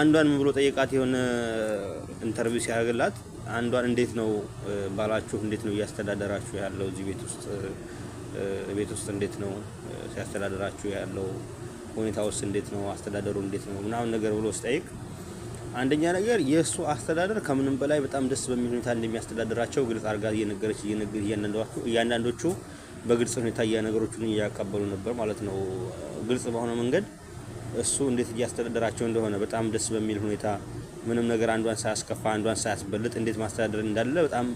አንዷን ምን ብሎ ጠይቃት የሆነ ኢንተርቪው ሲያደርግላት አንዷን እንዴት ነው ባላችሁ እንዴት ነው እያስተዳደራችሁ ያለው እዚህ ቤት ውስጥ ቤት ውስጥ እንዴት ነው ሲያስተዳደራችሁ ያለው ሁኔታ ውስጥ እንዴት ነው አስተዳደሩ እንዴት ነው ምናምን ነገር ብሎ ስጠይቅ አንደኛ ነገር የእሱ አስተዳደር ከምንም በላይ በጣም ደስ በሚል ሁኔታ እንደሚያስተዳደራቸው ግልጽ አድርጋ እየነገረች እያንዳንዶቹ በግልጽ ሁኔታ እያነገሮቹን እያቀበሉ ነበር ማለት ነው። ግልጽ በሆነ መንገድ እሱ እንዴት እያስተዳደራቸው እንደሆነ በጣም ደስ በሚል ሁኔታ ምንም ነገር አንዷን ሳያስከፋ አንዷን ሳያስበልጥ እንዴት ማስተዳደር እንዳለ በጣም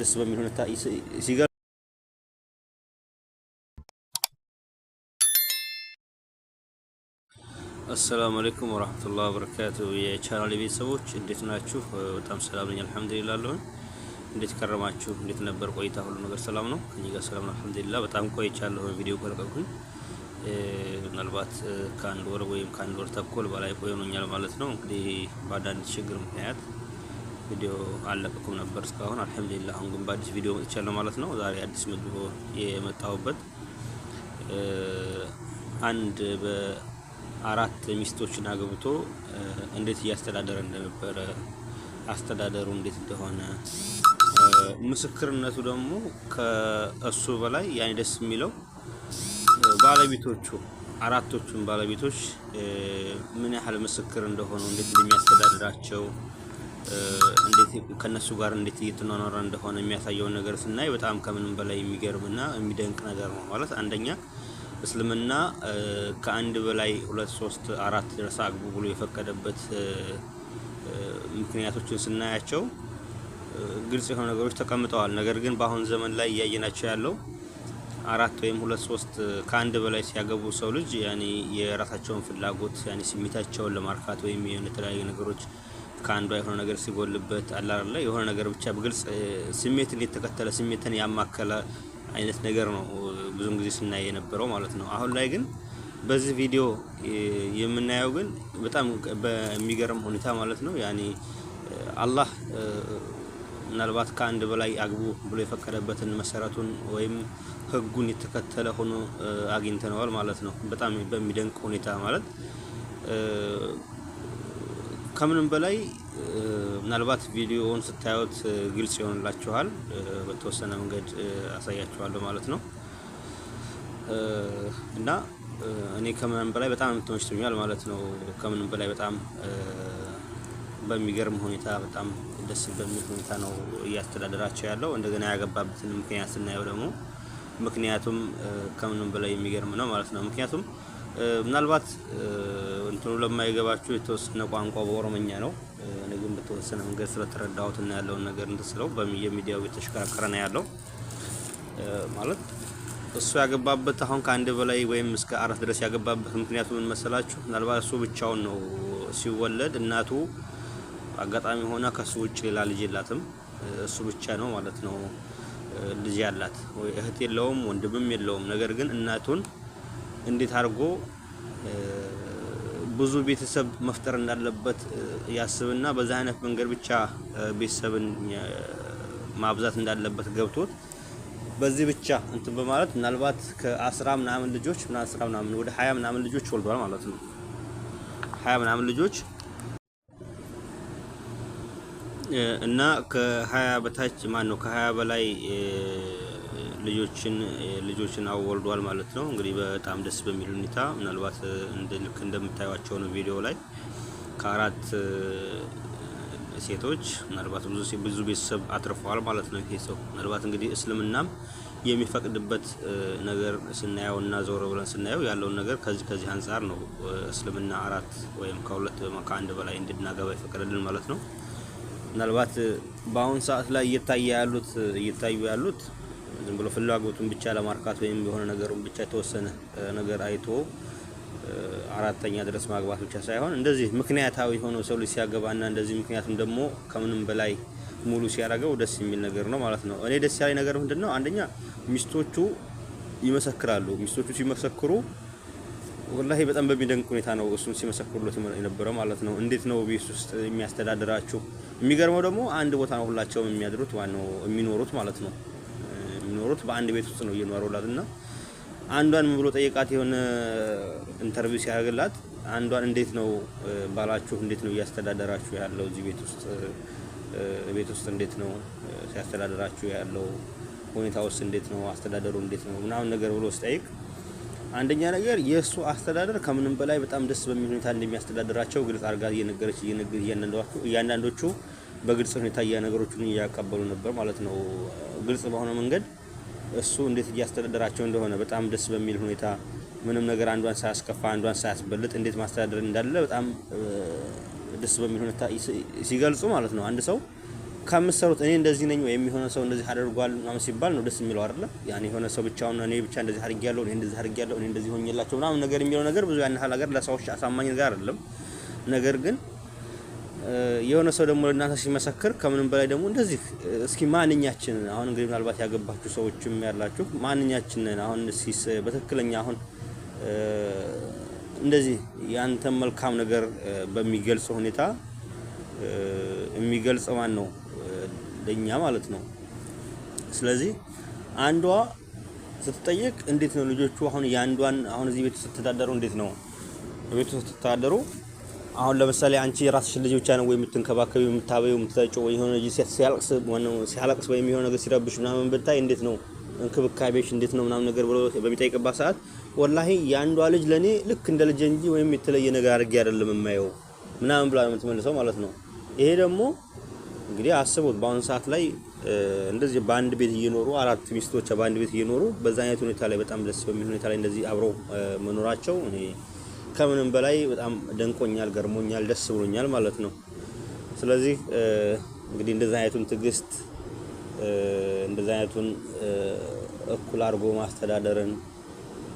ደስ በሚል ሁኔታ ሲገ አሰላሙ አለይኩም ወራህመቱላሂ ወበረካቱ። የቻናል ቤተሰቦች እንዴት ናችሁ? በጣም ሰላም ነኝ አልሐምዱሊላህ። አለሁኝ። እንዴት ከረማችሁ? እንዴት ነበር ቆይታ? ሁሉ ነገር ሰላም ነው? ከእኔ ጋር ሰላም ነው አልሐምዱሊላህ። በጣም ቆይቻለሁ ቪዲዮ ከለቀኩኝ ምናልባት ከአንድ ወር ወይም ከአንድ ወር ተኩል በላይ ሆኖኛል ማለት ነው። እንግዲህ በአንዳንድ ችግር ምክንያት ቪዲዮ አልለቀኩም ነበር እስካሁን። አልሐምዱሊላ። አሁን ግን በአዲስ ቪዲዮ መጥቻለሁ ማለት ነው። ዛሬ አዲስ ምግብ የመጣሁበት አንድ በአራት ሚስቶችን አግብቶ እንዴት እያስተዳደረ እንደነበረ አስተዳደሩ እንዴት እንደሆነ ምስክርነቱ ደግሞ ከእሱ በላይ ያኔ ደስ የሚለው ባለቤቶቹ አራቶቹም ባለቤቶች ምን ያህል ምስክር እንደሆኑ እንዴት እንደሚያስተዳድራቸው እንዴት ከነሱ ጋር እንዴት እየተኗኗረ እንደሆነ የሚያሳየውን ነገር ስናይ በጣም ከምንም በላይ የሚገርምና የሚደንቅ ነገር ነው። ማለት አንደኛ እስልምና ከአንድ በላይ ሁለት ሶስት አራት ድረስ አግቡ ብሎ የፈቀደበት ምክንያቶችን ስናያቸው ግልጽ የሆኑ ነገሮች ተቀምጠዋል። ነገር ግን በአሁን ዘመን ላይ እያየናቸው ያለው አራት ወይም ሁለት ሶስት ከአንድ በላይ ሲያገቡ ሰው ልጅ ያኔ የራሳቸውን ፍላጎት ያኔ ስሜታቸውን ለማርካት ወይም የሆነ የተለያዩ ነገሮች ከአንዷ የሆነ ነገር ሲጎልበት አላለ የሆነ ነገር ብቻ በግልጽ ስሜትን የተከተለ ስሜትን ያማከለ አይነት ነገር ነው ብዙን ጊዜ ስናይ የነበረው ማለት ነው። አሁን ላይ ግን በዚህ ቪዲዮ የምናየው ግን በጣም በሚገርም ሁኔታ ማለት ነው ያኔ አላህ ምናልባት ከአንድ በላይ አግቡ ብሎ የፈቀደበትን መሰረቱን ወይም ህጉን የተከተለ ሆኖ አግኝተነዋል ማለት ነው። በጣም በሚደንቅ ሁኔታ ማለት ከምንም በላይ ምናልባት ቪዲዮውን ስታዩት ግልጽ ይሆንላችኋል። በተወሰነ መንገድ አሳያችኋለሁ ማለት ነው እና እኔ ከምንም በላይ በጣም ተመችቶኛል ማለት ነው። ከምንም በላይ በጣም በሚገርም ሁኔታ በጣም ደስ በሚል ሁኔታ ነው እያስተዳደራቸው ያለው። እንደገና ያገባበትን ምክንያት ስናየው ደግሞ ምክንያቱም ከምንም በላይ የሚገርም ነው ማለት ነው። ምክንያቱም ምናልባት እንትኑ ለማይገባችሁ የተወሰነ ቋንቋ በኦሮመኛ ነው። እኔ ግን በተወሰነ መንገድ ስለተረዳሁት እና ያለውን ነገር እንትስለው የሚዲያው የተሽከረከረ ነው ያለው ማለት እሱ ያገባበት አሁን ከአንድ በላይ ወይም እስከ አራት ድረስ ያገባበት ምክንያቱ ምን መሰላችሁ? ምናልባት እሱ ብቻውን ነው ሲወለድ እናቱ አጋጣሚ ሆነ ከሱ ውጭ ሌላ ልጅ የላትም። እሱ ብቻ ነው ማለት ነው ልጅ ያላት። እህት የለውም፣ ወንድምም የለውም። ነገር ግን እናቱን እንዴት አድርጎ ብዙ ቤተሰብ መፍጠር እንዳለበት ያስብና በዛ አይነት መንገድ ብቻ ቤተሰብን ማብዛት እንዳለበት ገብቶት በዚህ ብቻ እንትን በማለት ምናልባት ከአስራ ምናምን ልጆች አስራ ምናምን ወደ ሀያ ምናምን ልጆች ወልዷል ማለት ነው ሀያ ምናምን ልጆች እና ከሀያ በታች ማን ነው ከሀያ በላይ ልጆችን ልጆችን አወልዷል ማለት ነው። እንግዲህ በጣም ደስ በሚል ሁኔታ ምናልባት ልክ እንደምታዩቸው ነው ቪዲዮ ላይ ከአራት ሴቶች ምናልባት ብዙ ብዙ ቤተሰብ አትርፈዋል ማለት ነው። ይሄ ሰው ምናልባት እንግዲህ እስልምናም የሚፈቅድበት ነገር ስናየው እና ዞር ብለን ስናየው ያለውን ነገር ከዚህ ከዚህ አንጻር ነው እስልምና አራት ወይም ከሁለት ከአንድ በላይ እንድናገባ ይፈቅድልን ማለት ነው። ምናልባት በአሁን ሰዓት ላይ እየታየ ያሉት እየታዩ ያሉት ዝም ብሎ ፍላጎቱን ብቻ ለማርካት ወይም የሆነ ነገሩን ብቻ የተወሰነ ነገር አይቶ አራተኛ ድረስ ማግባት ብቻ ሳይሆን እንደዚህ ምክንያታዊ ሆኖ ሰው ልጅ ሲያገባና እንደዚህ ምክንያቱም ደግሞ ከምንም በላይ ሙሉ ሲያደርገው ደስ የሚል ነገር ነው ማለት ነው። እኔ ደስ ያለኝ ነገር ምንድን ነው? አንደኛ ሚስቶቹ ይመሰክራሉ። ሚስቶቹ ሲመሰክሩ ወላሂ በጣም በሚደንቅ ሁኔታ ነው እሱን ሲመሰክሩለት የነበረው ማለት ነው። እንዴት ነው ቤት ውስጥ የሚያስተዳድራችሁ? የሚገርመው ደግሞ አንድ ቦታ ነው ሁላቸውም የሚያድሩት ዋናው የሚኖሩት ማለት ነው። የሚኖሩት በአንድ ቤት ውስጥ ነው እየኖሩላት እና አንዷን ብሎ ጠይቃት የሆነ ኢንተርቪው ሲያደርግላት አንዷን እንዴት ነው ባላችሁ እንዴት ነው እያስተዳደራችሁ ያለው እዚህ ቤት ውስጥ ቤት ውስጥ እንዴት ነው ሲያስተዳደራችሁ ያለው ሁኔታ ውስጥ እንዴት ነው አስተዳደሩ እንዴት ነው ምናምን ነገር ብሎ ስጠይቅ አንደኛ ነገር የእሱ አስተዳደር ከምንም በላይ በጣም ደስ በሚል ሁኔታ እንደሚያስተዳድራቸው ግልጽ አድርጋ እየነገረች እያንዳንዶቹ በግልጽ ሁኔታ እያነገሮቹን እያቀበሉ ነበር ማለት ነው። ግልጽ በሆነ መንገድ እሱ እንዴት እያስተዳደራቸው እንደሆነ በጣም ደስ በሚል ሁኔታ ምንም ነገር አንዷን ሳያስከፋ አንዷን ሳያስበልጥ እንዴት ማስተዳደር እንዳለ በጣም ደስ በሚል ሁኔታ ሲገልጹ ማለት ነው አንድ ሰው ከምትሰሩት እኔ እንደዚህ ነኝ ወይም የሆነ ሰው እንደዚህ አደርጓል ምናምን ሲባል ነው ደስ የሚለው አይደለ? ያን የሆነ ሰው ብቻውን እኔ ብቻ እንደዚህ አድርጌያለሁ፣ እኔ እንደዚህ አድርጌያለሁ፣ እኔ እንደዚህ ሆኜላቸው ምናምን ነገር የሚለው ነገር ብዙ ያን ያህል ነገር ለሰዎች አሳማኝ ነገር አይደለም። ነገር ግን የሆነ ሰው ደግሞ ለእናንተ ሲመሰክር ከምንም በላይ ደግሞ እንደዚህ እስኪ ማንኛችን አሁን እንግዲህ ምናልባት ያገባችሁ ሰዎችም ያላችሁ ማንኛችን አሁን ሲስ በትክክለኛ አሁን እንደዚህ ያንተ መልካም ነገር በሚገልጽ ሁኔታ የሚገልጽ ማን ነው? ለኛ ማለት ነው። ስለዚህ አንዷ ስትጠይቅ እንዴት ነው ልጆቹ አሁን የአንዷን አሁን እዚህ ቤት ስትተዳደሩ እንዴት ነው ቤቱ ስትተዳደሩ አሁን ለምሳሌ አንቺ የራስሽን ልጅ ብቻ ነው ወይ የምትንከባከቢ የምታበዩ የምትጠጪው ወይ የሆነ ሲያለቅስ ሲያለቅስ ወይም የሆነ ነገር ሲረብሽ ምናምን ብታይ እንዴት ነው እንክብካቤሽ እንዴት ነው ምናምን ነገር ብሎ በሚጠይቅባት ሰዓት ወላሂ የአንዷ ልጅ ለእኔ ልክ እንደ ልጅ እንጂ ወይም የተለየ ነገር አድርጌ አይደለም የማየው ምናምን ብላ የምትመልሰው ማለት ነው። ይሄ ደግሞ እንግዲህ አስቡት በአሁኑ ሰዓት ላይ እንደዚህ በአንድ ቤት እየኖሩ አራት ሚስቶች በአንድ ቤት እየኖሩ በዛ አይነት ሁኔታ ላይ በጣም ደስ በሚል ሁኔታ ላይ እንደዚህ አብረው መኖራቸው እኔ ከምንም በላይ በጣም ደንቆኛል፣ ገርሞኛል፣ ደስ ብሎኛል ማለት ነው። ስለዚህ እንግዲህ እንደዚህ አይነቱን ትዕግስት እንደዚህ አይነቱን እኩል አድርጎ ማስተዳደርን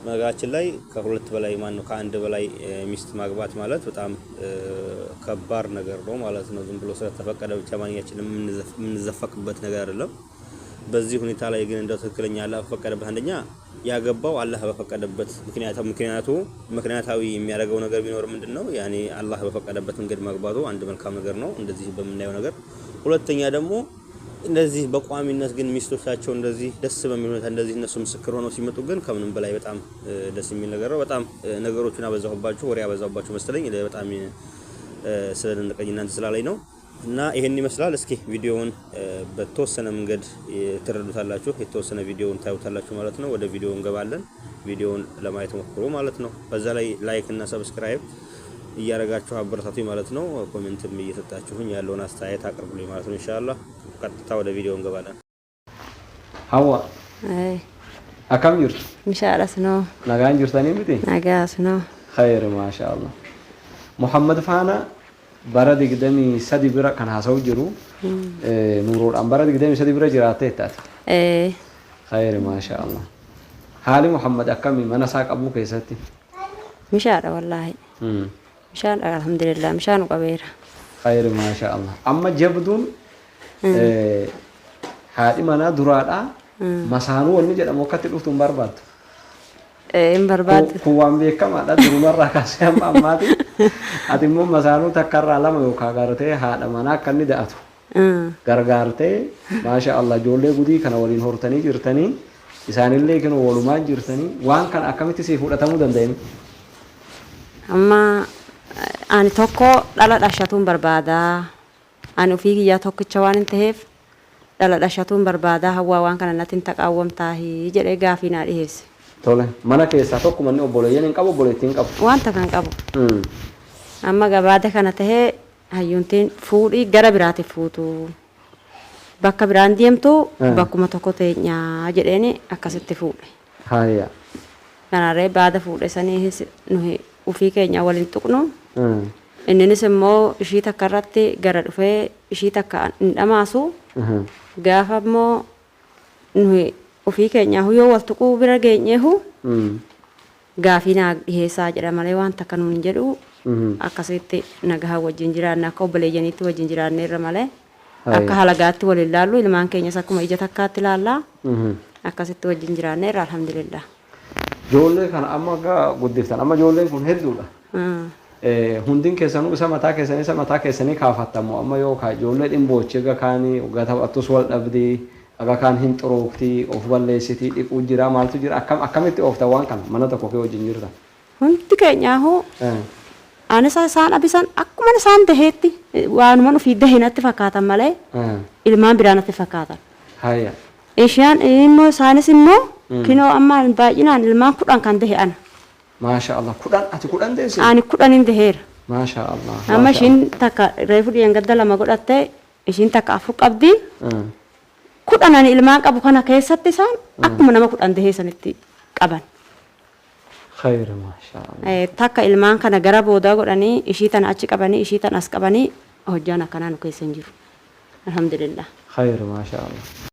ነገራችን ላይ ከሁለት በላይ ማን ነው ከአንድ በላይ ሚስት ማግባት ማለት በጣም ከባድ ነገር ነው ማለት ነው። ዝም ብሎ ስለተፈቀደ ብቻ ማንኛችን የምንዘፈቅበት ነገር አይደለም። በዚህ ሁኔታ ላይ ግን እንደው ትክክለኛ አላህ በፈቀደበት አንደኛ ያገባው አላህ በፈቀደበት ምክንያቱ ምክንያታዊ የሚያደርገው ነገር ቢኖር ምንድን ነው ያኔ አላህ በፈቀደበት መንገድ ማግባቱ አንድ መልካም ነገር ነው፣ እንደዚህ በምናየው ነገር። ሁለተኛ ደግሞ እንደዚህ በቋሚነት ግን ሚስቶቻቸው እንደዚህ ደስ በሚል ሁኔታ እንደዚህ እነሱ ምስክር ሆነው ሲመጡ ግን ከምንም በላይ በጣም ደስ የሚል ነገር ነው። በጣም ነገሮቹን አበዛሁባቸው፣ ወሬ አበዛሁባችሁ መሰለኝ። በጣም ስለደነቀኝ እናንተ ስላለኝ ነው። እና ይሄን ይመስላል። እስኪ ቪዲዮውን በተወሰነ መንገድ ትረዱታላችሁ፣ የተወሰነ ቪዲዮውን ታዩታላችሁ ማለት ነው። ወደ ቪዲዮው እንገባለን። ቪዲዮውን ለማየት ሞክሩ ማለት ነው። በዛ ላይ ላይክ እና ሰብስክራይብ እያደረጋችሁ አበረታቱኝ ማለት ነው። ኮሜንትም እየሰጣችሁኝ ያለውን አስተያየት አቅርቡልኝ ማለት ነው። ኢንሻአላህ ቀጥታ ወደ ቪዲዮ እንገባለን። ሀዋ አካም ጅርቱ ምሻለስ ነው ናጋን ጅርታን የምት ናጋስ ነው ኸይር ማሻአላ ሙሐመድ ፋና bara digdamii sadi bira kan haasa'u jiru nuuruudhaan bara digdamii sadi bira jiraattee taate. Khayri maasha Allah. Haali Muhammad akkamii mana isaa qabu keessatti? Bishaadha wallaahi. Bishaan alhamdulillah bishaan qabeera. Khayri maasha Allah. Amma jabduun haadhi manaa duraadhaa masaanuu wanni jedhamu akkatti dhuftu hin barbaaddu. Hin barbaaddu. Kun waan beekamaadha durumarraa kaasee hamma ammaati. Ati immoo masaanuu takkarraa lama yookaan gartee haadha manaa akka inni da'atu. Gargaartee maasha Allah ijoollee gudii kana waliin hortanii jirtanii isaanillee kenuu walumaan jirtanii waan kana akkamitti si fudhatamuu danda'in? Amma ani tokko dhala dhashatuun barbaadaa. Ani ofii kiyyaa tokkicha waan hin taheef dhala dhashatuun barbaadaa hawaa waan kana natti hin taqaawwamtaahii jedhee gaafii naa dhiyeesse. Tole mana keessaa tokkuma inni obboleeyyan hin qabu obboleettiin qabu. Wanta kan qabu. Amma gabaada kana tahee hayyuuntiin fuudhii gara biraatiif fuutu. Bakka biraan deemtu bakkuma tokko teenyaa jedheeni akkasitti fuudhe. Haaya. Kanarree baada fuudhe sanii nu ofii keenya waliin tuqnu. Inninis immoo ishii takka irratti gara dhufee ishii takka hin dhamaasu. Gaafa immoo ofii keenyaa yoo wal tuquu bira geenyeehu gaafii naa dhiheessaa jedha malee waan takka nuun jedhu akkasitti nagaha wajjin jiraanne akka obboleeyyaniitti wajjin jiraanne irra malee akka halagaatti wal ilaallu ilmaan keenyas akkuma ija takkaatti ilaalla akkasitti wajjin jiraanne irra alhamdulillah. Ijoollee kana amma guddiftan amma ijoolleen kun hedduudha. hundin keessanuu isa mataa keessanii isa mataa keessanii kaafattamu amma yoo ijoollee dhimboochi egaa kaanii waggaa taphattus wal dhabdii egaa kaan hin xurooftii of balleessitii dhiquu jira maaltu jira akkam akkamitti oofta waan kana mana tokko kee wajjin jirta. Hundi keenyaahu anis isaan dhabisan akkuma isaan daheetti waanuma ofii dahinatti fakkaatan malee ilmaan biraa natti fakkaatan. Isheen immoo isaanis immoo kinoo amma baay'inaan ilmaan kudhan kan dahe ana. maashaallah kudhan ati kudhan deesse ani kudhanin deheera maashaallah amma ishiin takka reefu dhiyan gadda lama godhatte ishiin takka afur qabdi kudhan ani ilmaan qabu kana keessatti isaan akkuma nama kudhan deheessanitti qaban khayra maashaallah takka ilmaan kana gara boodaa godhanii ishii tan achi qabanii ishii tan as qabanii hojjaan akkanaa nu keessa hin jiru alhamdulillah khayra maashaallah